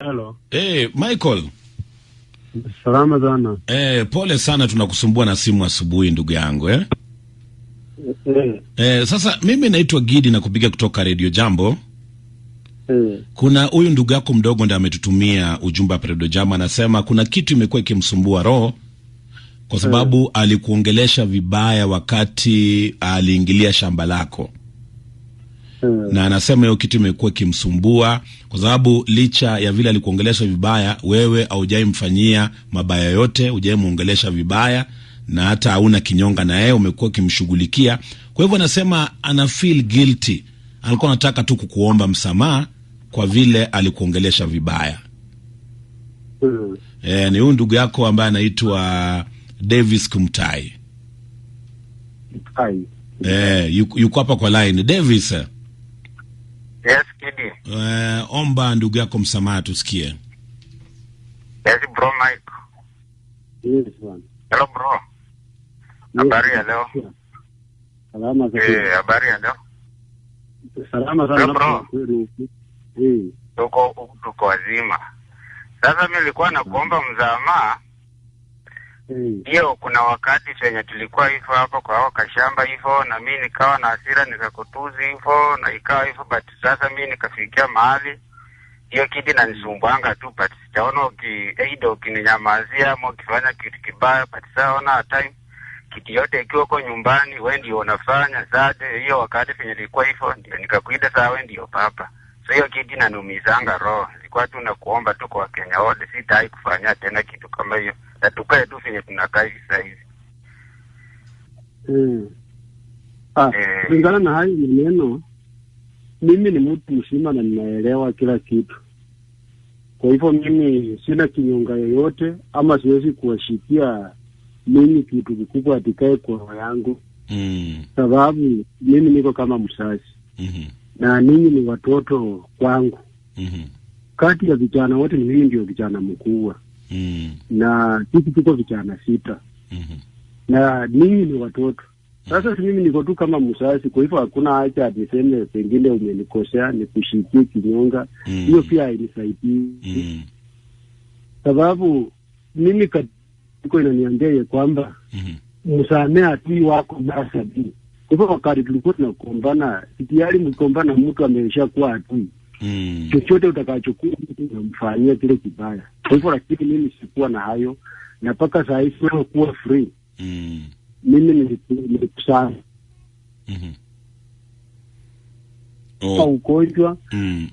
Hello. Hey, eh, Michael. Salama sana. Eh, pole sana tunakusumbua na simu asubuhi ndugu yangu eh? Eh. eh sasa mimi naitwa Gidi na kupiga kutoka Radio Jambo. Eh. Kuna huyu ndugu yako mdogo ndiye ametutumia ujumbe wa Radio Jambo anasema kuna kitu imekuwa ikimsumbua roho kwa sababu alikuongelesha vibaya wakati aliingilia shamba lako mm. na anasema hiyo kitu imekuwa ikimsumbua kwa sababu licha ya vile alikuongelesha vibaya, wewe haujaimfanyia mabaya yote, hujaimuongelesha vibaya na hata hauna kinyonga na yeye, umekuwa ukimshughulikia. Kwa hivyo anasema ana feel guilty, alikuwa anataka tu kukuomba msamaha kwa vile alikuongelesha vibaya. Mm. E, ni huyu ndugu yako ambaye anaitwa Davis Kumtai. Hai. E, yuko hapa kwa line Davis. Yes, Kidi. Uh, eh, omba ndugu yako msamaha tusikie. Yes, bro Mike. Yes, man. Hello bro. Habari ya leo. Salama za Eh, habari ya leo. Salama sana bro. Eh. Tuko tuko wazima. Sasa mimi nilikuwa nakuomba msamaha Ndiyo, kuna wakati chenye tulikuwa hivo hapo kwa hao kashamba hivo na mi nikawa na asira nikakutuzi hivo na ikawa hivo but sasa mi nikafikia mahali hiyo kiti nanisumbwanga tu, but sijaona uki ukininyamazia ama ukifanya kitu kibaya, but saona time kitu yote ikiwa huko nyumbani, we ndio unafanya sade. Hiyo wakati venye likuwa hivo ndio nikakuita saa, we ndio papa. So hiyo kitu inanumizanga roho, likuwa tu nakuomba tu kwa Wakenya wote, sitai kufanya tena kitu kama hiyo na tukae tu venye tunakaa hivi sasa eh. hivi. Ah, eh. kulingana na hayo maneno, mimi ni mtu mzima na ninaelewa kila kitu. Kwa hivyo mimi sina kinyonga yoyote, ama siwezi kuwashikia mimi kitu kikubwa atikae kwa roho yangu mm. Sababu mimi niko kama msasi mm -hmm. na ninyi ni watoto kwangu mm -hmm. Kati ya vijana wote ni mimi ndio kijana mkubwa Mm-hmm. na sisi tuko vijana sita mm -hmm. na ninyi ni watoto sasa si mimi niko tu kama msasi, kwa hivyo hakuna acha niseme pengine umenikosea nikushikie kinyonga mm-hmm. hiyo mm. pia hainisaidii mm. Mm-hmm. sababu mimi katiko inaniambia kwamba msamee mm. atii wako mara sabini. Kwa hivyo wakati tulikuwa tunakombana tayari mkikombana mtu ameisha kuwa atii mm. chochote utakachokuwa namfanyia kile kibaya kwa hivyo lakini mimi sikuwa na hayo, na mpaka saa hii sio kuwa free mm. mimi nilikusana mm -hmm. oh. ugonjwa mm.